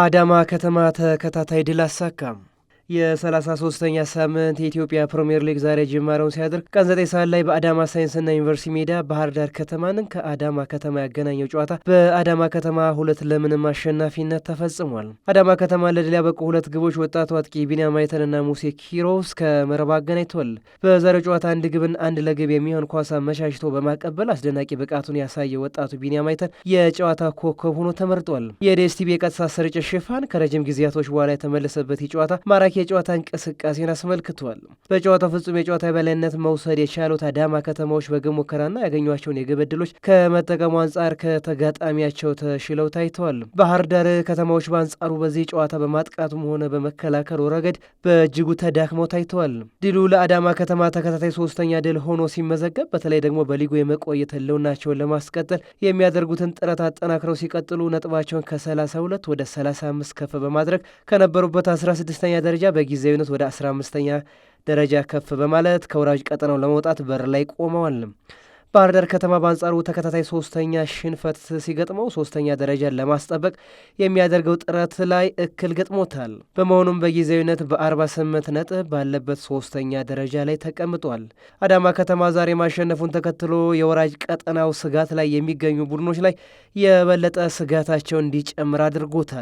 አዳማ ከተማ ተከታታይ ድል አሳካም። የ33ኛ ሳምንት የኢትዮጵያ ፕሪምየር ሊግ ዛሬ ጅማሬውን ሲያደርግ ቀን 9 ሰዓት ላይ በአዳማ ሳይንስና ዩኒቨርሲቲ ሜዳ ባህር ዳር ከተማንን ከአዳማ ከተማ ያገናኘው ጨዋታ በአዳማ ከተማ ሁለት ለምንም አሸናፊነት ተፈጽሟል። አዳማ ከተማ ለድል ያበቁ ሁለት ግቦች ወጣቱ አጥቂ ቢኒያም አይተንና ሙሴ ኪሮስ ከመረብ አገናኝተዋል። በዛሬው ጨዋታ አንድ ግብን አንድ ለግብ የሚሆን ኳሳ መሻሽቶ በማቀበል አስደናቂ ብቃቱን ያሳየ ወጣቱ ቢኒያም አይተን የጨዋታ ኮከብ ሆኖ ተመርጧል። የዲኤስቲቪ የቀጥታ ስርጭት ሽፋን ከረጅም ጊዜያቶች በኋላ የተመለሰበት ጨዋታ ማራኪ የጨዋታ እንቅስቃሴን አስመልክቷል። በጨዋታው ፍጹም የጨዋታ የበላይነት መውሰድ የቻሉት አዳማ ከተማዎች በግብ ሙከራና ያገኟቸውን የግብ ዕድሎች ከመጠቀሙ አንጻር ከተጋጣሚያቸው ተሽለው ታይተዋል። ባህር ዳር ከተማዎች በአንጻሩ በዚህ ጨዋታ በማጥቃቱም ሆነ በመከላከሉ ረገድ በእጅጉ ተዳክመው ታይተዋል። ድሉ ለአዳማ ከተማ ተከታታይ ሶስተኛ ድል ሆኖ ሲመዘገብ በተለይ ደግሞ በሊጉ የመቆየት ህልውናቸውን ለማስቀጠል የሚያደርጉትን ጥረት አጠናክረው ሲቀጥሉ ነጥባቸውን ከ32 ወደ 35 ከፍ በማድረግ ከነበሩበት 16ኛ ደረጃ ደረጃ በጊዜያዊነት ወደ 15ኛ ደረጃ ከፍ በማለት ከወራጅ ቀጠናው ለመውጣት በር ላይ ቆመዋል። ባህር ዳር ከተማ በአንጻሩ ተከታታይ ሶስተኛ ሽንፈት ሲገጥመው ሶስተኛ ደረጃን ለማስጠበቅ የሚያደርገው ጥረት ላይ እክል ገጥሞታል። በመሆኑም በጊዜያዊነት በ48 ነጥብ ባለበት ሶስተኛ ደረጃ ላይ ተቀምጧል። አዳማ ከተማ ዛሬ ማሸነፉን ተከትሎ የወራጅ ቀጠናው ስጋት ላይ የሚገኙ ቡድኖች ላይ የበለጠ ስጋታቸው እንዲጨምር አድርጎታል።